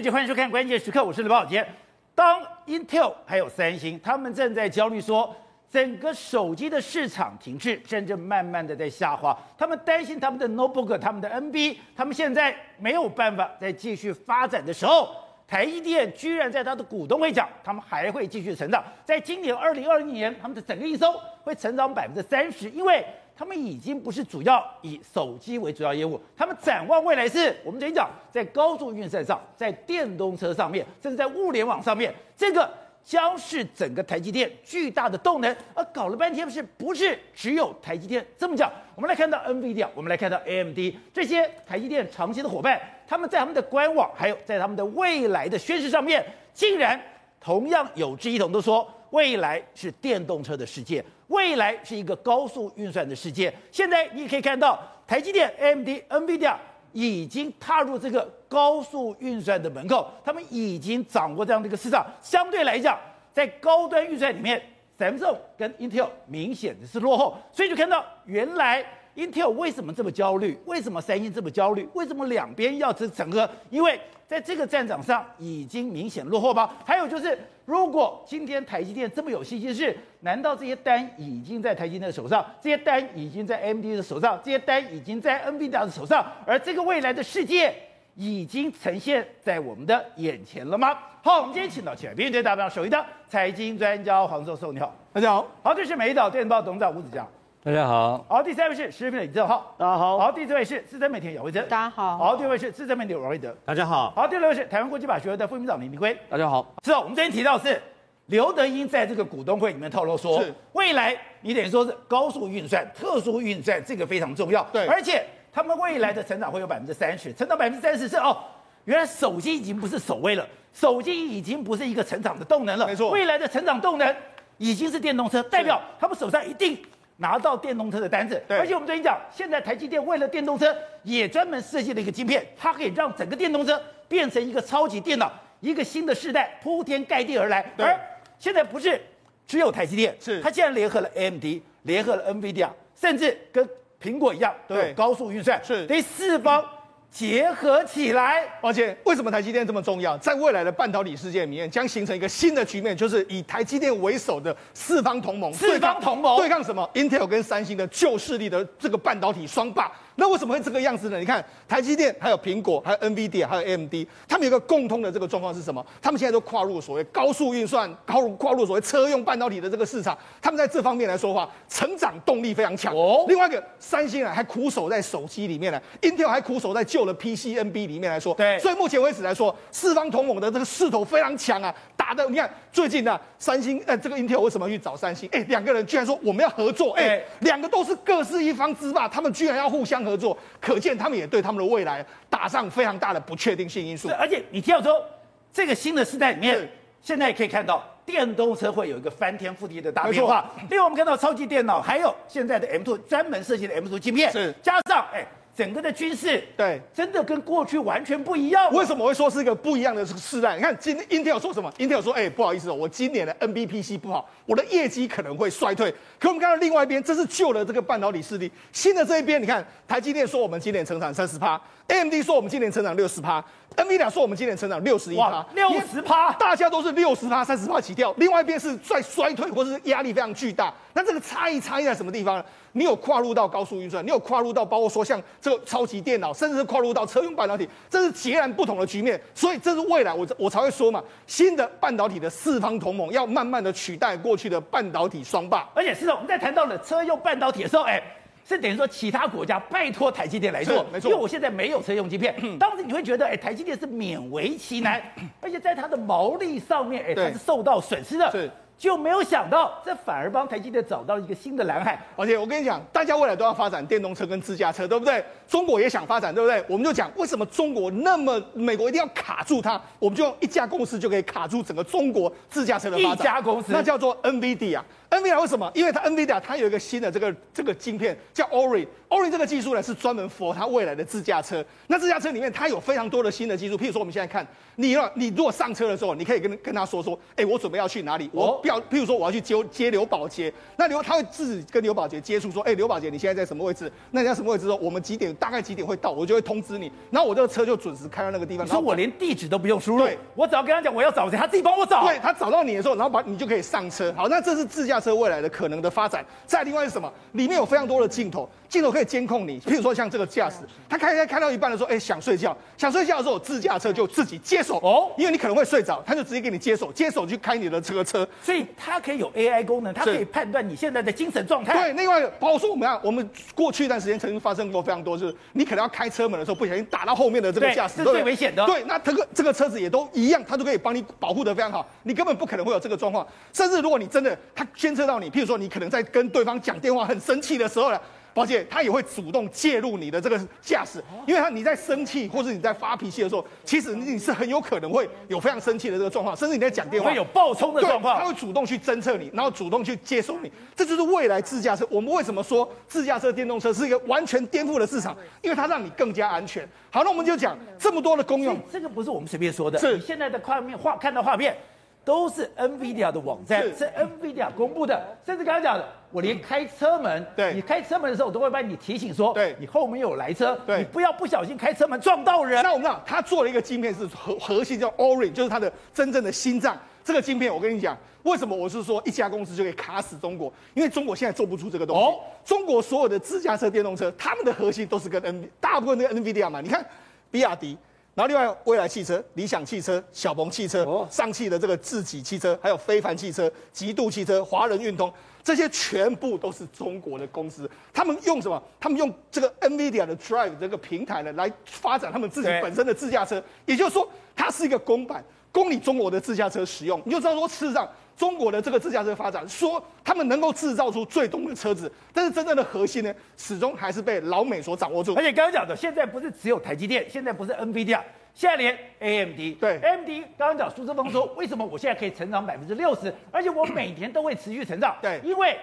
各位歡迎收看《關鍵時刻》，我是劉寶傑。當 Intel 還有三星，他們正在焦慮說整個手機的市場停滯，甚至慢慢的在下滑。他們擔心他們的 Notebook，他們的 NB，他們現在沒有辦法再繼續發展的時候，台積電居然在它的股東會講，他們還會繼續成長。在今年二零二零年，他們的整個營收會成長百分之三十，因為，他們已經不是主要以手機為主要業務，他們展望未來是，我們等於講在高速運算上，在電動車上面，甚至在物聯網上面，這個將是整個台積電巨大的動能。而搞了半天，是不是只有台積電這麼講？我們來看到 NVIDIA，我們來看到 AMD，這些台積電長期的夥伴，他們在他們的官網，還有在他們的未來的宣誓上面，竟然同樣有志一同都說。未來是電動車的世界，未來是一個高速運算的世界。現在你也可以看到，台積電、AMD、NVIDIA 已經踏入這個高速運算的門口，他們已經掌握這樣的一個市場。相對來講，在高端運算裡面，Samsung 跟 Intel 明顯的是落後，所以就看到原來。Intel 為什麼這麼焦慮？為什麼三星這麼焦慮？為什麼兩邊要這整個？因為在這個戰場上已經明顯落後吧。還有就是，如果今天台積電這麼有信心事，是難道這些單已經在台積電的手上？這些單已經在 AMD 的手上？這些單已經在 NVIDIA 的，的手上？而這個未來的世界已經呈現在我們的眼前了嗎？好，我們今天請到全民最大黨首席的財經專家黃世聰，你好，大家好。好，這是《美島電報》董事長吳子嘉。大家好，好，第三位是食品的李正皓，大家好，好，第四位是資深媒體姚惠珍，大家好，好，第二位是資深媒體王瑞德，大家好，好，第六位是台灣國際法學的副院長李明輝，大家好。是哦，我們昨天提到是劉德英在這個股東會裡面透露說，是未來你等於說是高速運算、特殊運算，這個非常重要。對，而且他們未來的成長會有百分之三十，成長百分之三十是哦，原來手機已經不是首位了，手機已經不是一個成長的動能了，沒錯錯，未來的成長動能已經是電動車，是代表他們手上一定。拿到電動車的單子，對。而且我們昨天講，現在台積電為了電動車也專門設計了一個晶片，它可以讓整個電動車變成一個超級電腦，一個新的世代鋪天蓋地而來。對而現在不是只有台積電，是它現在聯合了 AMD，聯合了 NVIDIA，甚至跟蘋果一樣，對高速運算是第對四方、嗯。結合起來，抱歉，為什麼台積電這麼重要？在未來的半導體世界裡面，將形成一個新的局面，就是以台積電為首的四方同盟，四方同盟對抗什麼？Intel 跟三星的舊勢力的這個半導體雙霸。那為什麼會這個樣子呢？你看台積電、還有蘋果、還有 NVIDIA、還有 AMD，他們有一個共通的這個狀況是什麼？他們現在都跨入所謂高速運算，跨入跨入所謂車用半導體的這個市場。他們在這方面來說的話，成長動力非常強。哦、另外一個三星啊，還苦守在手機裡面呢，Intel 還苦守在舊的 PCNB 裡面來說。對，所以目前為止來說，四方同盟的這個勢頭非常強啊。的，你看最近呢、啊，三星呃、哎，這個 Intel 為什麼要去找三星？哎，兩個人居然說我們要合作，哎，兩、哎、個都是各自一方之霸，他們居然要互相合作，可見他們也對他們的未來打上非常大的不確定性因素。是，而且你聽到說這個新的時代裡面，是現在也可以看到電動車會有一個翻天覆地的大變化。另外，我們看到超級電腦，還有現在的 M two 專門設計的 M two 芯片，是加上哎。整個的軍事對，真的跟過去完全不一樣、啊。為什麼會說是一個不一樣的時代？你看，今 Intel 說什麼？Intel 說：“哎、欸，不好意思，我今年的 NBPC 不好，我的業績可能會衰退。”可我們看到另外一邊，這是舊的這個半導體勢力，新的這一邊，你看，台積電說我們今年成長三十趴，AMD 說我們今年成長六十趴。NVIDIA 說我們今年成長六十一趴，六十趴，大家都是六十趴、三十趴起跳。另外一邊是在衰退或者是壓力非常巨大。那這個差異差異在什麼地方呢？你有跨入到高速運算，你有跨入到包括說像這個超級電腦，甚至是跨入到車用半導體，這是截然不同的局面。所以這是未來我我才會說嘛，新的半導體的四方同盟要慢慢的取代過去的半導體雙霸。而且，是總，我們在談到的車用半導體的時候，哎、欸。這等於說其他國家拜託台積電來做，沒錯。因為我現在沒有車用晶片， 當時你會覺得，哎，台積電是勉為其難， 而且在它的毛利上面，哎，對它是受到損失的，是就沒有想到，這反而幫台積電找到一個新的藍海。而且我跟你講，大家未來都要發展電動車跟自駕車，對不對？中國也想發展，對不對？我們就講，為什麼中國那麼美國一定要卡住它？我們就用一家公司就可以卡住整個中國自駕車的發展，一家公司，那叫做 NVD 啊。NVIDIA 為什麼？因為它 NVIDIA 它有一個新的這個這個晶片叫 Orin，Orin 這個技術呢是專門符合它未來的自駕車。那自駕車裡面它有非常多的新的技術，譬如說我們現在看，你要，你如果上車的時候，你可以跟跟他說說，哎、欸，我準備要去哪裡？我不要譬如說我要去接接劉寶傑。那劉他會自己跟劉寶傑接觸說，哎、欸，劉寶傑你現在在什麼位置？那你在什麼位置說？說我們幾點大概幾點會到？我就會通知你，然後我這個車就準時開到那個地方。你說我連地址都不用輸入，對。我只要跟他講我要找誰，他自己幫我找。對，他找到你的時候，然後把你就可以上車。好，那這是自駕。車未來的可能的發展，再另外是什麼？裡面有非常多的鏡頭。鏡頭可以監控你，譬如說像這個駕駛，他開開開到一半的時候，哎、欸，想睡覺，想睡覺的時候，自駕車就自己接手哦，因為你可能會睡着，他就直接給你接手，接手去開你的車車。所以它可以有 AI 功能，它可以判斷你現在的精神狀態。對，另外包括說我們啊，我們過去一段時間曾經發生過非常多，就是你可能要開車門的時候不小心打到後面的這個駕駛，對對對是最危險的。對，那這個這個車子也都一樣，它都可以幫你保護得非常好，你根本不可能會有這個狀況。甚至如果你真的他監測到你，譬如說你可能在跟對方講電話，很生氣的時候呢而且它也會主動介入你的這個駕駛，因為它你在生氣或者你在發脾氣的時候，其實你是很有可能會有非常生氣的這個狀況，甚至你在講電話會有爆衝的狀況，它會主動去偵測你，然後主動去接收你。這就是未來自駕車。我們為什麼說自駕車、電動車是一個完全顛覆的市場？因為它讓你更加安全。好，那我們就講這麼多的功用。這個不是我們隨便說的。是。現在的畫面畫看到畫面，都是 Nvidia 的網站，是 Nvidia 公布的，甚至剛才講的。我連開車門，對你開車門的時候，我都會幫你提醒說，對你後面有來車，對你不要不小心開車門撞到人。那我們講，他做了一個晶片是核核心叫 Orin，就是它的真正的心臟。這個晶片，我跟你講，為什麼我是說一家公司就可以卡死中國？因為中國現在做不出這個東西。哦，oh, 中國所有的自駕車電動車，他們的核心都是跟 N，V，大部分那個 NVIDIA 嘛。你看比亞迪。然後，另外，蔚來汽車、理想汽車、小鵬汽車、上汽的這個智己汽車，還有非凡汽車、極度汽車、華人運通，這些全部都是中國的公司。他們用什麼？他們用這個 NVIDIA 的 Drive 這個平台呢，來發展他們自己本身的自駕車。對也就是說，它是一個公版，供你中國的自駕車使用。你就知道說，事實上。中國的這個自駕車發展，說他們能夠製造出最東的車子，但是真正的核心呢，始終還是被老美所掌握住。而且剛剛講的，現在不是只有台積電，現在不是 NVIDIA，現在連 AM 對 AMD。對，AMD 剛剛講蘇姿豐說，為什麼我現在可以成長百分之六十，而且我每年都會持續成長？對， 因為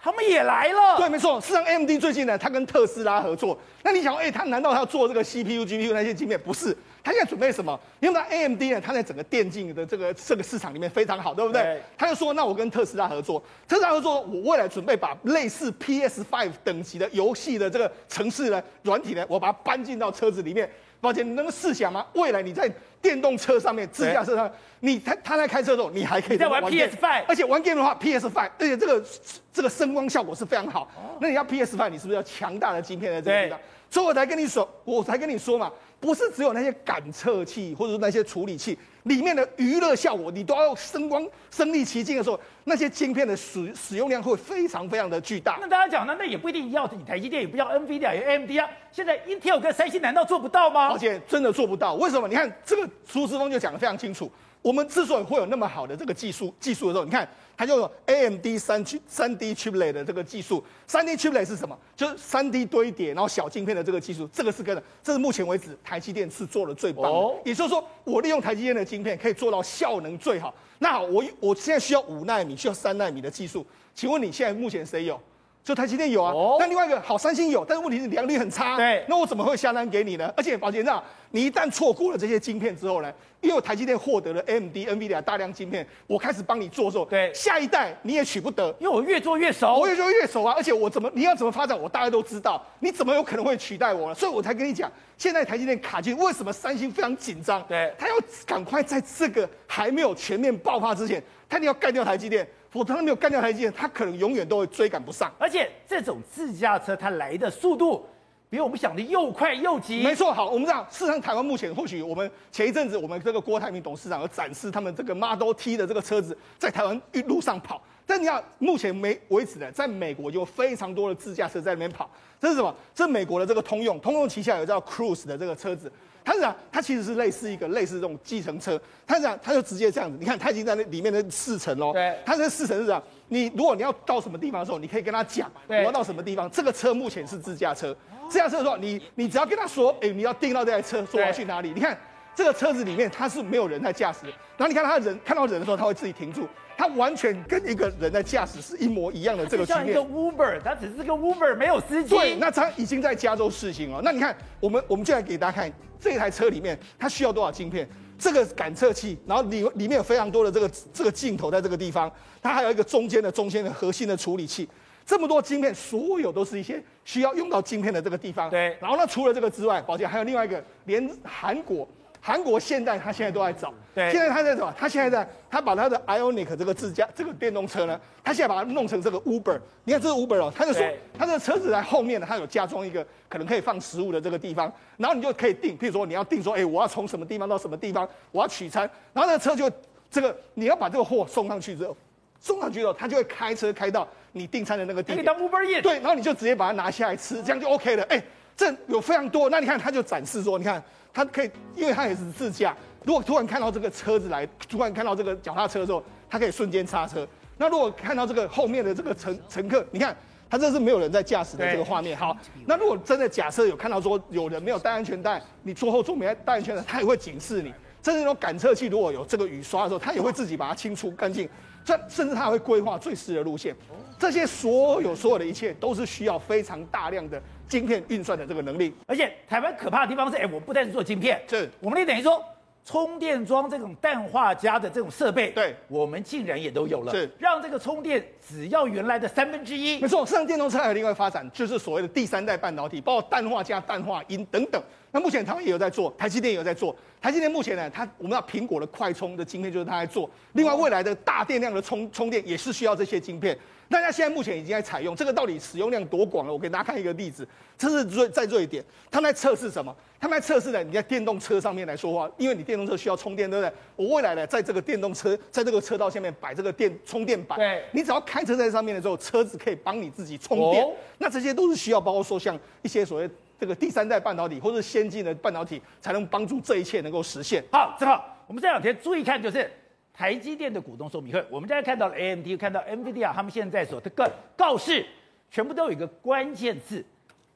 他們也來了。對，沒錯，事實上 AMD 最近呢，他跟特斯拉合作。那你想，哎、欸，他難道他要做這個 CPU、GPU 那些芯片不是？他現在準備什麼？因為 A M D 呢，它在整個電競的這個這個市場裡面非常好，對不對？Yeah. 他就說，那我跟特斯拉合作，特斯拉合作，我未來準備把類似 P S Five 等級的遊戲的這個程式的軟體呢，我把它搬進到車子裡面。抱歉，你能試想嗎？未來你在電動車上面、自駕車上面，Yeah. 你他他在開車的時候，你還可以玩在玩 P S Five，而且玩 game 的話，P S Five，而且這個這個聲光效果是非常好。Oh. 那你要 P S Five，你是不是要強大的晶片在這個地方？Yeah. 所以我才跟你說，我才跟你說嘛，不是只有那些感測器或者是那些處理器裡面的娛樂效果，你都要聲光身歷其境的時候，那些晶片的使使用量會非常非常的巨大。那大家講呢，那也不一定要你台積電，也不要 NVIDIA、AMD 啊，現在 Intel 跟三星難道做不到嗎？而且真的做不到，為什麼？你看這個蘇姿豐就講得非常清楚。我們之所以會有那麼好的這個技術，技術的時候，你看它就有 AMD 三七三 D chiplet 的這個技術，三 D chiplet 是什麼？就是三 D 堆疊，然後小晶片的這個技術，這個是跟的，這是目前為止台積電是做的最棒的。Oh. 也就是說，我利用台積電的晶片可以做到效能最好。那好我我現在需要五納米，需要三納米的技術，請問你現在目前誰有？就台積電有啊，哦、那另外一個好三星有，但是問題是良率很差。對，那我怎麼會下單給你呢？而且，寶傑站，你一旦錯過了這些晶片之後呢，因為台積電獲得了 AMD、NVIDIA 的大量晶片，我開始幫你做做。對，下一代你也取不得，因為我越做越熟，我越做越熟啊。而且我怎麼，你要怎麼發展，我大概都知道，你怎麼有可能會取代我呢？所以我才跟你講，現在台積電卡緊，為什麼三星非常緊張？對，他要趕快在這個還沒有全面爆發之前，他一定要幹掉台積電。否則他沒有幹掉台積電，他可能永遠都會追趕不上。而且這種自駕車，它來的速度比我們想的又快又急。沒錯，好，我們知道，事實上台灣目前或許我們前一陣子我們這個郭台銘董事長有展示他們這個 Model T 的這個車子在台灣一路上跑。但你要目前沒為止的，在美國有非常多的自駕車在那邊跑。這是什麼？這美國的這個通用，通用旗下有叫 Cruise 的這個車子。他是講，他其實是類似一個類似這種計程車。他是講，他就直接這樣子。你看，他已經在那裡面的四層咯對，他在四層是這樣，你如果你要到什麼地方的時候，你可以跟他講，我對要到什麼地方。對這個車目前是自駕車，自駕車的時候，你你只要跟他說，哎，對、欸，你要訂到這台車，說要去哪裡。對你看。這個車子裡面它是沒有人在駕駛，然後你看它人看到人的時候，它會自己停住，它完全跟一個人在駕駛是一模一樣的。這個是像一個 Uber，它只是個 Uber，沒有司機。對，那它已經在加州試行了喔。那你看，我們我們就來給大家看這台車裡面它需要多少晶片？這個感測器，然後裡裡面有非常多的這個這個鏡頭在這個地方，它還有一個中間的中間的核心的處理器。這麼多晶片，所有都是一些需要用到晶片的這個地方。對。然後呢，除了這個之外，寶傑，還有另外一個，連韓國。韓國現代他現在都在找。對現在他在找。他現在在，他把他的 Ionic 這個自家這個電動車呢，他現在把它弄成這個 Uber。你看這個 Uber 哦，他就說，對他的車子在後面呢，他有加裝一個可能可以放食物的這個地方，然後你就可以定。譬如說你要定說，哎、欸，我要從什麼地方到什麼地方，我要取餐，然後那個車就這個，你要把這個貨送上去之後，送上去之後，他就會開車開到你訂餐的那個地方。你當 Uber Eats。對，然後你就直接把它拿下來吃，嗯、這樣就 OK 了。哎、欸。這有非常多，那你看他就展示說，你看他可以，因為他也是自駕。如果突然看到這個車子來，突然看到這個腳踏車的時候，他可以瞬間剎車。那如果看到這個後面的這個乘乘客，你看他這是沒有人在駕駛的這個畫面。好，那如果真的假設有看到說有人沒有戴安全帶，你坐後座沒戴安全帶，他也會警示你。甚至說那種感測器，如果有這個雨刷的時候，他也會自己把它清除乾淨。這甚至他還會規劃最適的路線。這些所有所有的一切都是需要非常大量的。晶片運算的這個能力，而且台灣可怕的地方是，欸，我不但是做晶片，是我們也等於說充電樁這種氮化鎵的這種設備，對，我們竟然也都有了，是讓這個充電只要原來的三分之一。沒錯，上電動車還有另外發展，就是所謂的第三代半導體，包括氮化鎵、氮化銦等等。那目前台灣也有在做，台積電也有在做。台積電目前呢，它，我們知道蘋果的快充的晶片就是它在做。另外，未來的大電量的充充電也是需要這些晶片。大家現在目前已經在採用，這個到底使用量多廣了？我給大家看一個例子，這是瑞在瑞典，他們在測試什麼？他們在測試呢？你在電動車上面來說話，因為你電動車需要充電，對不對？我未來呢，在這個電動車在這個車道下面擺這個電充電板，對你只要開車在上面的時候，車子可以幫你自己充電。哦、那這些都是需要，包括說像一些所謂。這個第三代半導體或者先進的半導體，才能幫助這一切能夠實現。好，正好我們這兩天注意看，就是台積電的股東說明會，我們現在看到了 AMD，看到 NVIDIA，他們現在所的告告示，全部都有一個關鍵字，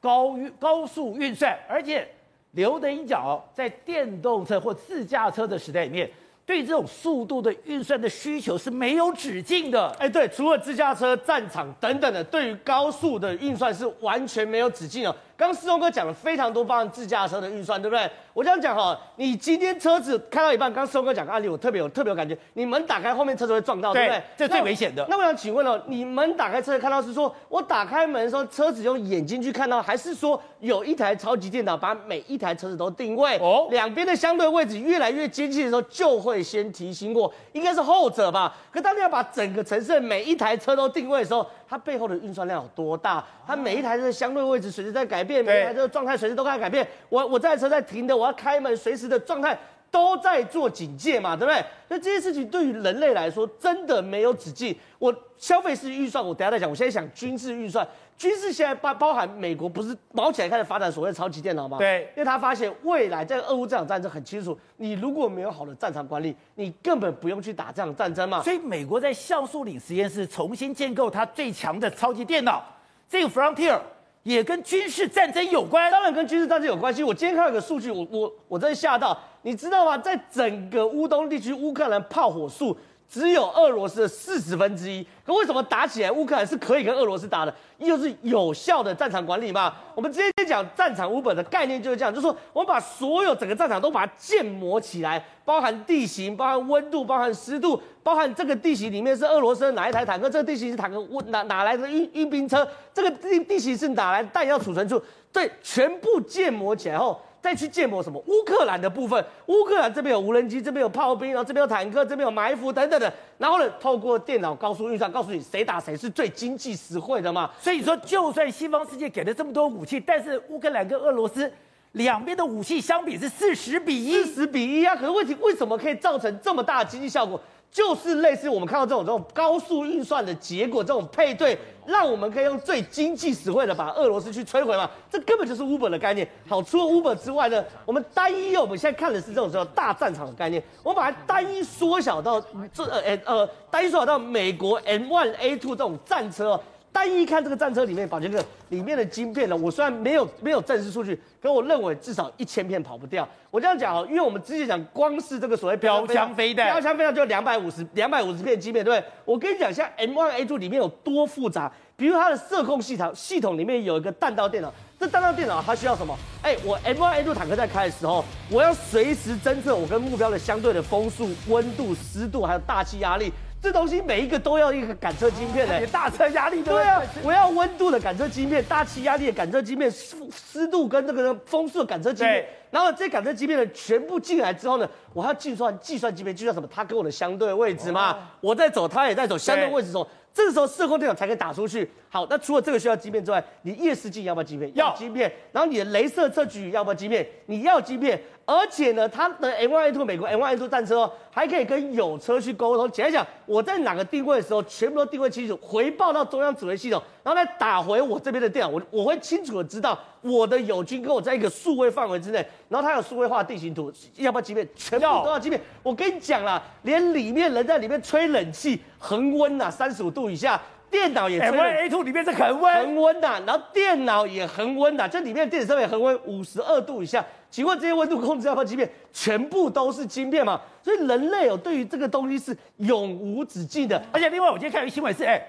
高運高速運算。而且劉德音講哦，在電動車或自駕車的時代裡面，對這種速度的運算的需求是沒有止境的。哎，對，除了自駕車、戰場等等的，對於高速的運算，是完全沒有止境的哦。剛世聰哥講了非常多方自駕車的預算，對不對？我這樣講哈，你今天車子開到一半，剛世聰哥講案例我特別有，我特別有特別有感覺，你門打開後面車子會撞到，對，對不對？這是最危險的那。那我想請問了、哦，你門打開車子看到是說，我打開門的時候，車子用眼睛去看到，還是說有一台超級電腦把每一台車子都定位？哦，兩邊的相對位置越來越接近的時候，就會先提醒我，應該是後者吧？可當你要把整個城市的每一台車都定位的時候。它背後的運算量有多大？它每一台車相對位置隨時在改變，啊、每一台車的狀態隨時都在改變。對我我這台車在停的，我要開門，隨時的狀態都在做警戒嘛，對不對？那這些事情對於人類來說真的沒有止境。我消費性預算我等下再講，我現在想軍事預算。軍事現在包包含美國不是毛起來開始發展所謂的超級電腦嗎？對，因為他發現未來在俄烏這場戰爭很清楚，你如果沒有好的戰場管理，你根本不用去打這場戰爭嘛。所以美國在橡樹嶺實驗室重新建構它最強的超級電腦，這個 Frontier 也跟軍事戰爭有關，當然跟軍事戰爭有關係。我今天看到一個數據，我我我真的嚇到，你知道嗎？在整個烏東地區，烏克蘭炮火數。只有俄羅斯的四十分之一，可為什麼打起來烏克蘭是可以跟俄羅斯打的？又是有效的戰場管理嘛？我們今天講戰場五本的概念就是這樣，就是說我們把所有整個戰場都把它建模起來，包含地形、包含溫度、包含濕度、包含這個地形裡面是俄羅斯哪一台坦克，這個地形是坦克哪哪來的運運兵車，這個地地形是哪來彈藥儲存處，對，全部建模起來後。再去建模什麼烏克蘭的部分，烏克蘭這邊有無人機，這邊有炮兵，然後這邊有坦克，這邊有埋伏等等的，然後呢，透過電腦高速運算，告訴你誰打誰是最經濟實惠的嘛。所以你說，就算西方世界給了這麼多武器，但是烏克蘭跟俄羅斯兩邊的武器相比是四十比一，四十比一啊，可是問題為什麼可以造成這麼大的經濟效果？就是類似我們看到這種這種高速運算的結果，這種配對，讓我們可以用最經濟實惠的把俄羅斯去摧毀嘛。這根本就是 Uber 的概念。好，除了 Uber 之外呢，我們單一，我們現在看的是這種叫大戰場的概念。我們把它單一縮小到這呃呃，呃，單一縮小到美國 M1A2 這種戰車。單一看這個戰車裡面，寶傑哥裡面的晶片呢，我雖然沒有沒有正式數據，可我認為至少一千片跑不掉。我這樣講哦、啊，因為我們之前講光是這個所謂標槍飛彈，標槍飛彈就兩百五十兩百五十片晶片，對不對？我跟你講，像 M1A2 裡面有多複雜，比如它的射控系統系統裡面有一個彈道電腦，這彈道電腦它需要什麼？哎，我 M1A2 坦克在開的時候，我要隨時偵測我跟目標的相對的風速、溫度、濕度，還有大氣壓力。這東西每一個都要一個感測晶片嘞、欸，啊、大車壓力對啊，是我要溫度的感測晶片，大氣壓力的感測晶片，濕度跟這個風速的感測晶片。然後這感測晶片呢，全部進來之後呢，我還要計算，計算晶片計算什麼？它跟我的相對位置嘛。哦、我在走，它也在走，相對位置的時候，對這個時候，射控電腦才可以打出去。好，那除了這個需要晶片之外，你夜視鏡要不要晶片？要晶片。要然後你的鐳射測距要不要晶片？你要晶片。而且呢，它的 M1A2 美國 M1A2 戰車、哦、還可以跟友車去溝通。講一講，我在哪個定位的時候，全部都定位清楚，回報到中央指揮系統。然後再打回我這邊的電腦，我我會清楚的知道我的友軍跟我在一個數位範圍之內。然後他有數位化地形圖，要不要晶片？全部都要晶片？我跟你講啦，連裡面人在裡面吹冷氣，恆溫吶、啊，三十五度以下，電腦也恆溫 A 2裡面是恆溫，恆溫吶、啊。然後電腦也恆溫吶、啊，這裡面電子設備恆溫五十二度以下。請問這些溫度控制要不要晶片？全部都是晶片嘛？所以人類哦，對於這個東西是永無止境的。而且另外，我今天看一個新聞是，哎。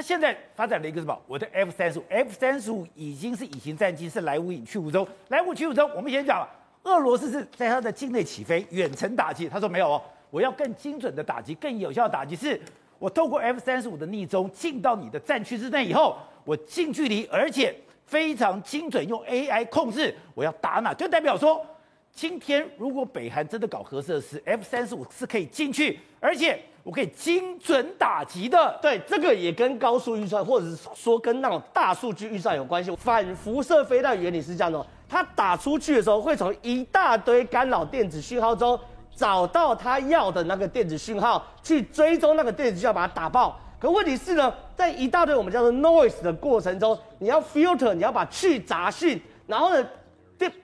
他現在發展了一個什麼？我的 F 三十五，F 三十五已經是隱形戰機，是來無影去無蹤。來無去無蹤，我們先講，俄羅斯是在它的境內起飛遠程打擊，他說沒有哦，我要更精準的打擊，更有效的打擊，是我透過 F 三十五的匿蹤進到你的戰區之內以後，我近距離而且非常精準用 AI 控制，我要打哪，就代表說，今天如果北韓真的搞核設施，F 三十五是可以進去，而且。我可以精準打擊的，對，這個也跟高速運算，或者是說跟那種大數據運算有關係。反輻射飛彈原理是這樣的，它打出去的時候，會從一大堆干擾電子訊號中找到它要的那個電子訊號，去追蹤那個電子，就要把它打爆。可問題是呢，在一大堆我們叫做 noise 的過程中，你要 filter，你要把去雜訊，然後呢，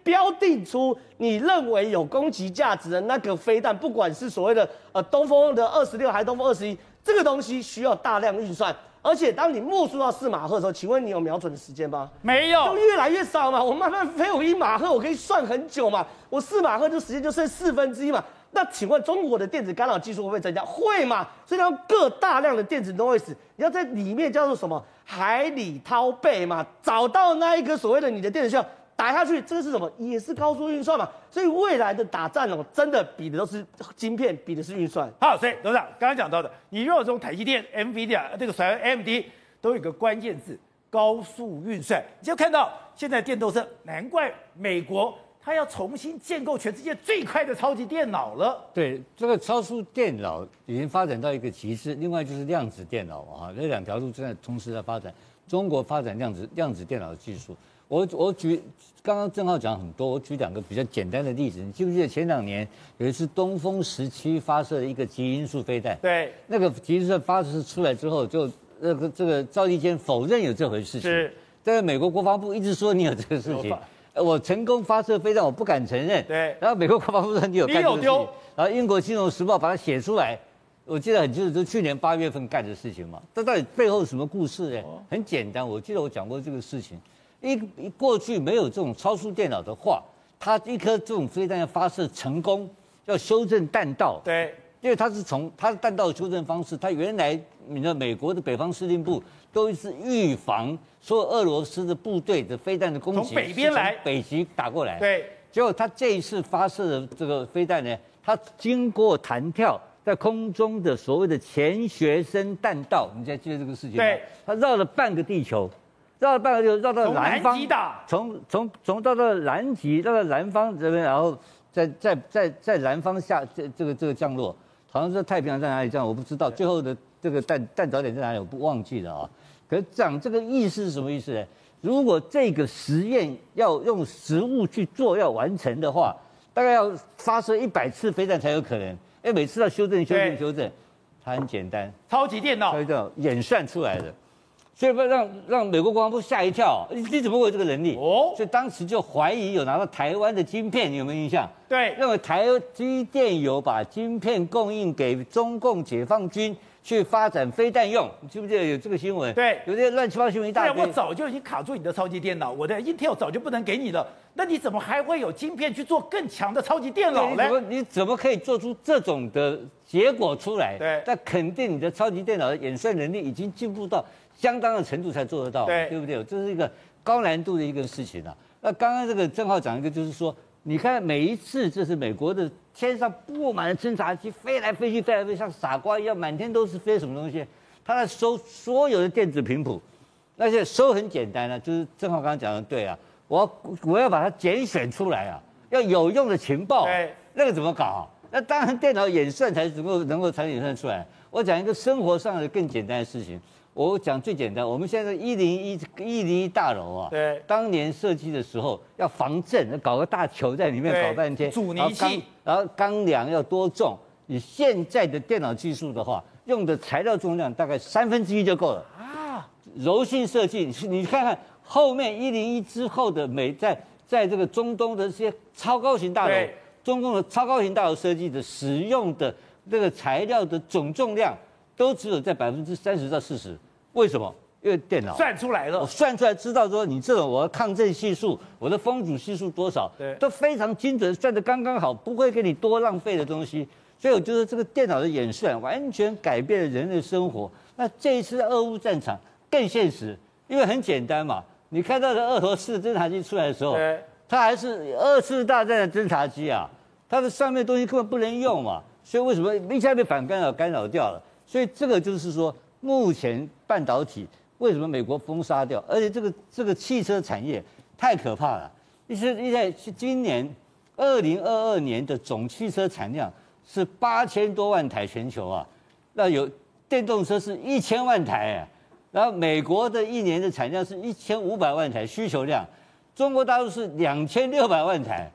標定出你認為有攻擊價值的那個飛彈，不管是所謂的呃東風的二十六，還是東風二十一，這個東西需要大量運算。而且當你目數到四馬赫的時候，請問你有瞄準的時間嗎？沒有，就越來越少嘛。我慢慢飛，我一馬赫我可以算很久嘛，我四馬赫就時間就剩四分之一嘛。那請問中國的電子干擾技術會不會增加？會嘛？所以它各大量的電子都會死，你要在裡面叫做什麼海裡掏貝嘛，找到那一個所謂的你的電子信號。打下去，這個是什麼？也是高速運算嘛。所以未來的打仗，哦，真的比的都是晶片，比的是運算。好，所以董事長剛剛講到的，你用這種台積電、NVIDIA 啊，這個甩 AMD 都有一個關鍵字：高速運算。你就看到現在電動車，難怪美國它要重新建構全世界最快的超級電腦了。對，這個超級電腦已經發展到一個極致。另外就是量子電腦啊，這兩條路正在同時在發展。中國發展量子量子電腦的技術。我我舉剛剛正皓講很多，我舉兩個比較簡單的例子，你記不記得前兩年有一次東風十七發射的一個極音速飛彈？對，那個極音速發射出來之後，就那個這個趙立堅否認有這回事情，是，但是美國國防部一直說你有這個事情，法呃、我成功發射飛彈，我不敢承認，對，然後美國國防部說你有幹這個事情。然後英國金融時報把它寫出來，我記得很清楚，就去年八月份幹的事情嘛，這到底背後什麼故事呢？很簡單，我記得我講過這個事情。一過去沒有這種超速電腦的話，它一顆這種飛彈要發射成功，要修正彈道。對，因為它是從它的彈道修正方式，它原來你知道美國的北方司令部都是預防所有俄羅斯的部隊的飛彈的攻擊，從北邊來，北極打過來。對，結果它這一次發射的這個飛彈呢，它經過彈跳在空中的所謂的錢學森彈道，你再記得這個事情。對，它繞了半個地球。繞了半個就繞到了南方，從從從到到南極，到到南方這邊，然後再再再在南方下這這個這個降落，好像是太平洋在哪裡降，我不知道。最後的這個彈彈着點在哪裡，我不忘記了啊。可是講，這這個意思是什麼意思呢？如果這個實驗要用實物去做，要完成的話，大概要發射一百次飛彈才有可能。哎，每次要修正修正修正，它很簡單，超級電腦，可以這樣，演算出來的。所以讓讓美國國防部嚇一跳，哦，你你怎麼會有這個能力？哦，所以當時就懷疑有拿到台灣的晶片，你有沒有印象？對，那麼台積電有把晶片供應給中共解放軍去發展飛彈用，你記不記得有這個新聞？對，有這些亂七八糟一大堆。我早就已經卡住你的超級電腦，我的 Intel 早就不能給你了，那你怎麼還會有晶片去做更強的超級電腦呢你？你怎麼可以做出這種的結果出來？對，那肯定你的超級電腦的演算能力已經進步到。相當的程度才做得到。對，對不對？這是一個高難度的一個事情啊，那剛剛這個正皓講一個，就是說，你看每一次。這是美國的天上布滿了偵察機，飛來飛去，飛來飛，像傻瓜一樣，滿天都是飛什麼東西？他在收所有的電子頻譜，那些收很簡單呢、啊。就是正皓剛剛講的對啊，我我要把它揀選出來啊，要有用的情報。對那個怎麼搞、啊？那當然電腦演算才能夠能夠才演算出來。我講一個生活上的更簡單的事情。我講最簡單，我們現在一零一一零一大樓啊，對，當年設計的時候要防震，搞個大球在裡面對搞半天，阻尼器，然後鋼梁要多重？你現在的電腦技術的話，用的材料重量大概三分之一就夠了啊。柔性設計，你你看看後面一零一之後的美在在這個中東的這些超高型大樓，對中東的超高型大樓設計的使用的那個材料的總重量都只有在百分之三十到四十。為什麼？因為電腦算出來了。我算出來知道說你這種我的抗震係數，我的風阻係數多少，對都非常精準，算得剛剛好，不會給你多浪費的東西。所以我覺得這個電腦的演算完全改變了人類生活。那這一次的俄烏戰場更現實，因為很簡單嘛，你看到這二頭四偵察機出來的時候，對它還是二次大戰的偵察機啊，它的上面的東西根本不能用嘛。所以為什麼一下被反干擾干擾掉了？所以這個就是說目前。半導體為什麼美國封殺掉？而且這個這個汽車產業太可怕了。一是現在是今年二零二二年的總汽車產量是八千多萬台，全球啊，那有電動車是一千萬台，然後美國的一年的產量是一千五百萬台，需求量，中國大陸是兩千六百萬台，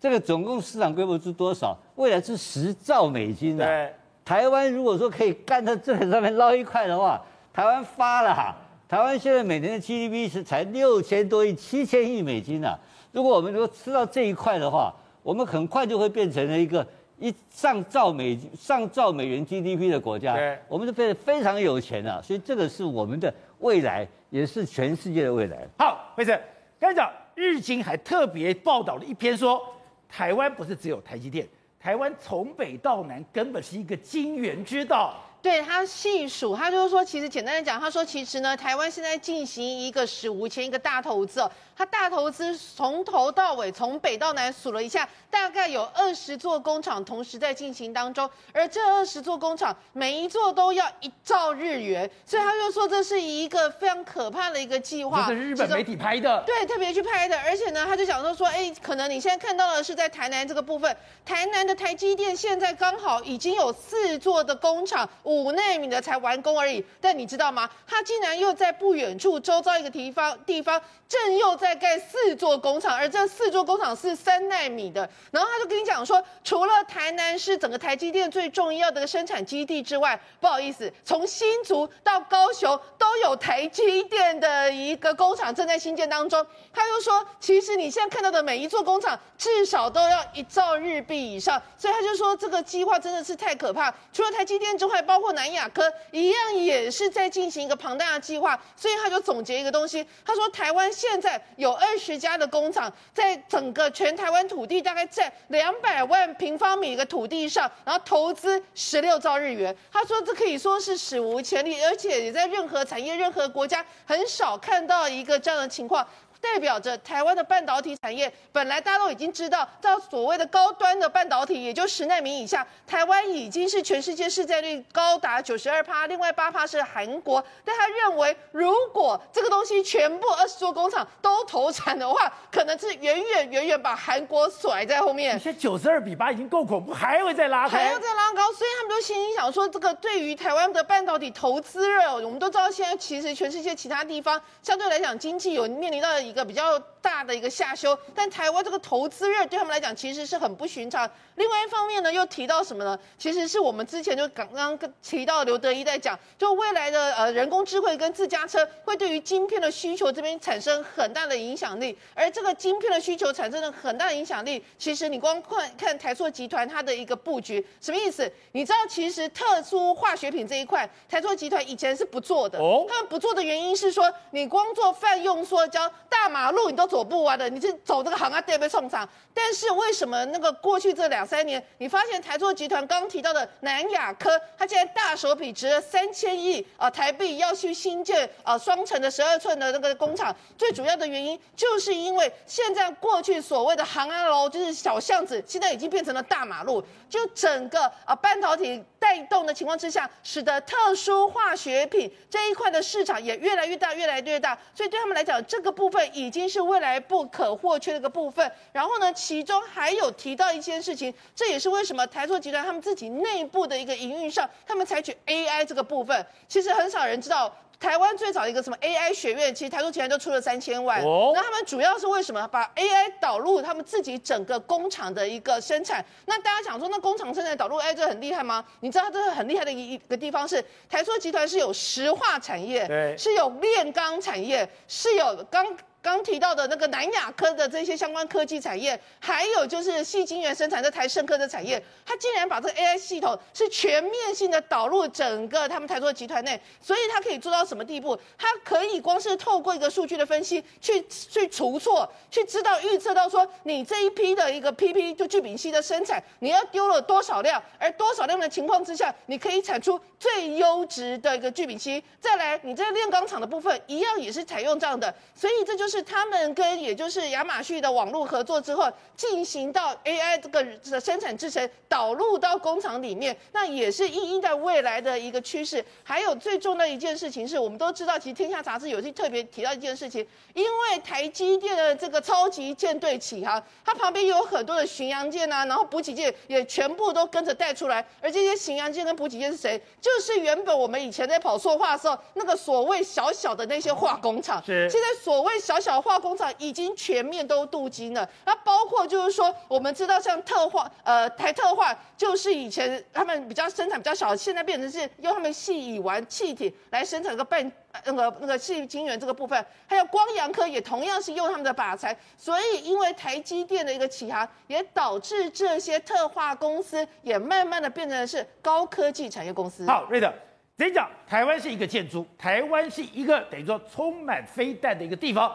這個總共市場規模是多少？未來是十兆美金的，啊。對 台灣如果說可以幹到這個上面撈一塊的話，台灣發了，哈，台灣現在每年的 GDP 是才六千多億、七千億美金呢、啊。如果我們如果吃到這一塊的話，我們很快就會變成了一個一上兆美上兆美元 GDP 的國家，對我們就變得非常有錢了、啊。所以這個是我們的未來，也是全世界的未來。好，惠珍，跟你講，日經還特別報道了一篇說，說台灣不是只有台積電，台灣從北到南根本是一個晶圓之道。對，他細數，他就是說，其實簡單的講，他說其實呢，台灣現在進行一個十五千一個大投資，他大投資從頭到尾，從北到南數了一下，大概有二十座工廠同時在進行當中，而這二十座工廠每一座都要一兆日元，所以他就說這是一個非常可怕的一個計劃。這是日本媒體拍的，對，特別去拍的，而且呢，他就講說說，哎，可能你現在看到的是在台南這個部分，台南的台積電現在剛好已經有四座的工廠。五奈米的才完工而已，但你知道嗎？他竟然又在不遠處周遭一個地方地方正又在蓋四座工廠，而這四座工廠是三奈米的。然後他就跟你講說，除了台南是整個台積電最重要的生產基地之外，不好意思，從新竹到高雄都有台積電的一個工廠正在興建當中。他又說，其實你現在看到的每一座工廠至少都要一兆日幣以上，所以他就說這個計劃真的是太可怕，除了台積電之外，包。或南亞科一樣也是在進行一個龐大的計劃，所以他就總結一個東西，他說：台灣現在有二十家的工廠，在整個全台灣土地大概在兩百萬平方米一個土地上，然後投資十六兆日元。他說這可以說是史無前例，而且也在任何產業、任何國家很少看到一個這樣的情況。代表着台灣的半導體產業，本來大家都已經知道，到所謂的高端的半導體，也就十納米以下，台灣已經是全世界市占率高達九十二趴，另外八趴是韓國。但他認為，如果這個東西全部二十座工廠都投產的話，可能是遠遠遠遠把韓國甩在後面。現在九十二比八已經夠恐怖，還會再拉高？還要再拉高？所以他們都心，心想說，這個對於台灣的半導體投資熱，我們都知道，現在其實全世界其他地方相對來講，經濟有面臨到。一個比較。大的一個下修，但台灣這個投資熱對他們來講其實是很不尋常。另外一方面呢，又提到什麼呢？其實是我們之前就剛剛提到劉德一在講，就未來的呃人工智慧跟自駕車會對於晶片的需求這邊產生很大的影響力。而這個晶片的需求產生了很大的影響力，其實你光看看台塑集團它的一個佈局，什麼意思？你知道其實特殊化學品這一塊台塑集團以前是不做的，他們不做的原因是說你光做飯用塑膠大馬路你都。所不挖的，你就走這個航安地被送場。但是為什麼那個過去這兩三年，你發現台塑集團剛剛提到的南亞科，他竟然大手筆值三千億啊台幣要去新建啊雙層的十二寸的那個工廠？最主要的原因就是因為現在過去所謂的航安樓就是小巷子，現在已經變成了大馬路。就整個啊、呃、半導體帶動的情況之下，使得特殊化學品這一塊的市場也越來越大，越來越大。所以對他們來講，這個部分已經是為來不可或缺的一個部分。然後呢，其中還有提到一件事情，這也是為什麼台塑集團他們自己內部的一個營運上，他們採取 AI 這個部分，其實很少人知道。台灣最早一個什麼 AI 學院，其實台塑集團就出了三千萬。Oh. 那他們主要是為什麼把 AI 導入他們自己整個工廠的一個生產？那大家想說，那工廠生產導入 AI 這很厲害嗎？你知道，它這是很厲害的一個地方是台塑集團是有石化產業，對是有煉鋼產業，是有鋼。剛提到的那個南亞科的這些相關科技產業，還有就是細晶圓生產這台勝科的產業，他竟然把這個 AI 系統是全面性的導入整個他們台塑集團內，所以他可以做到什麼地步？他可以光是透過一個數據的分析去去除錯，去知道預測到說你這一批的一個 PP 就聚丙烯的生產，你要丟了多少量，而多少量的情況之下，你可以產出最優質的一個聚丙烯。再來，你這個煉鋼廠的部分一樣也是採用這樣的，所以這就是。是他們跟也就是亞馬遜的網絡合作之後，進行到 AI 這個生產製程導入到工廠裡面，那也是一定在未來的一個趨勢。還有最重要的一件事情是我們都知道，其實《天下雜誌》有些特別提到一件事情，因為台積電的這個超級艦隊起航，它旁邊有很多的巡洋艦啊，然後補給艦也全部都跟着帶出來。而這些巡洋艦跟補給艦是誰？就是原本我們以前在跑石化的時候，那個所謂小小的那些化工廠，是現在所謂小小。小化工廠已經全面都鍍金了，那包括就是說，我們知道像特化，呃，台特化就是以前他們比較生產比較少，現在變成是用他們矽乙烷氣體來生產個半那個、呃、那個矽晶圓這個部分，還有光洋科也同樣是用他們的靶材，所以因為台積電的一個起航，也導致這些特化公司也慢慢的變成是高科技產業公司。好，瑞德，等於講台灣是一個建築，台灣是一個等於說充滿飛彈的一個地方。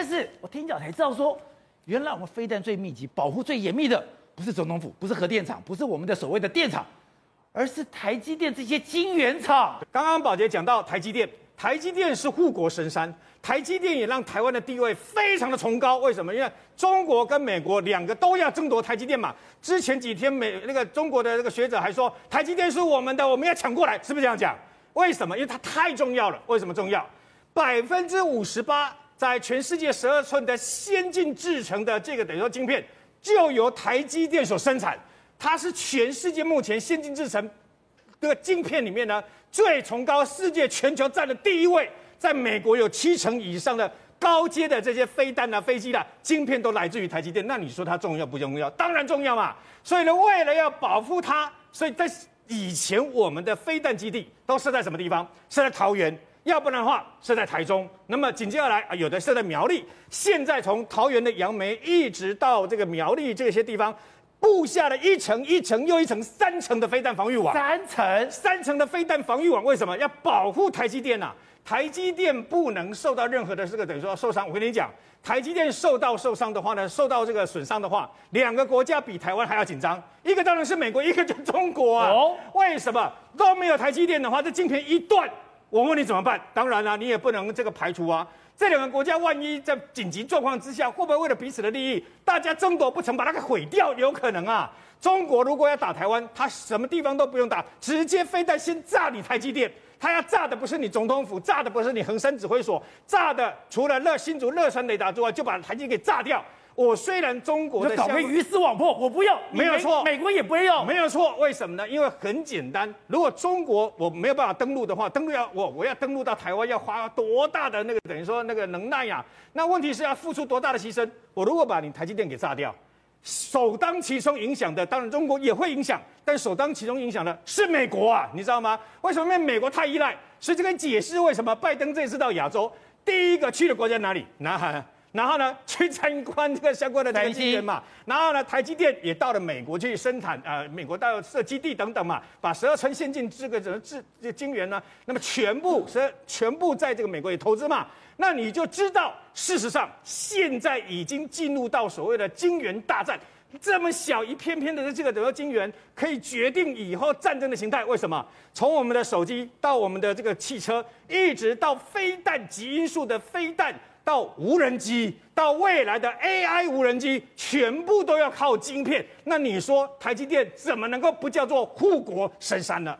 但是我聽講才知道說，原來我們飛彈最密集、保護最嚴密的，不是總統府，不是核電廠，不是我們的所謂的電廠，而是台積電這些晶圓廠。剛剛寶傑講到台積電，台積電是護國神山，台積電也讓台灣的地位非常的崇高。為什麼？因為中國跟美國兩個都要爭奪台積電嘛。之前幾天，美那個中國的那個學者還說，台積電是我們的，我們要搶過來，是不是這樣講？為什麼？因為它太重要了。為什麼重要？百分之五十八。在全世界十二寸的先進製程的這個等於說晶片，就由台積電所生產。它是全世界目前先進製程的晶片裡面呢最崇高，世界全球佔了第一位。在美國有七成以上的高階的這些飛彈啊、飛機的、啊、晶片都來自於台積電，那你說它重要不重要？當然重要嘛。所以呢，為了要保護它，所以在以前我們的飛彈基地都設在什麼地方？設在桃園。要不然的話，設在台中。那麼緊接下來、啊，有的設在苗栗。現在從桃園的楊梅一直到這個苗栗這些地方，佈下了一層一層又一層、三層的飛彈防禦網。三層層、三層的飛彈防禦網，為什麼要保護台積電呢、啊？台積電不能受到任何的這個等於說受傷。我跟你講，台積電受到受傷的話呢，受到這個損傷的話，兩個國家比台灣還要緊張。一個當然是美國，一個就是中國啊。哦，為什麼都沒有台積電的話，這晶片一斷。我問你怎麼辦？當然了，啊，你也不能這個排除啊。這兩個國家萬一在緊急狀況之下，會不會為了彼此的利益，大家爭奪不成，把它給毀掉？有可能啊。中國如果要打台灣，它什麼地方都不用打，直接飛彈先炸你台積電。它要炸的不是你總統府，炸的不是你衡山指揮所，炸的除了樂新竹樂山雷達之外，就把台積電給炸掉。我雖然中國的搞個魚死網破，我不要，沒有錯，美國也不會要，沒有錯。為什麼呢？因為很簡單，如果中國我沒有辦法登陸的話，登陸要我我要登陸到台灣要花多大的那個等於說那個能耐呀、啊？那問題是要付出多大的犧牲？我如果把你台積電給炸掉，首當其衝影響的當然中國也會影響，但首當其衝影響的是美國啊，你知道嗎？為什麼因為美國太依賴？所以這個解釋為什麼拜登這次到亞洲第一個去的國家哪裡？南韓。然後呢，去參觀這個相關的台積電嘛。心然後呢，台積電也到了美國去生產，呃，美國到設基地等等嘛，把十二寸先進這個這個這個晶圓呢，那麼全部是全部在這個美國也投資嘛。那你就知道，事實上現在已經進入到所謂的晶圓大戰。這麼小一片片的這個什麼晶圓，可以決定以後戰爭的形態。為什麼？從我們的手機到我們的這個汽車，一直到飛彈，極音速的飛彈。到無人機，到未來的 AI 無人機，全部都要靠晶片。那你說，台積電怎麼能夠不叫做護國神山呢？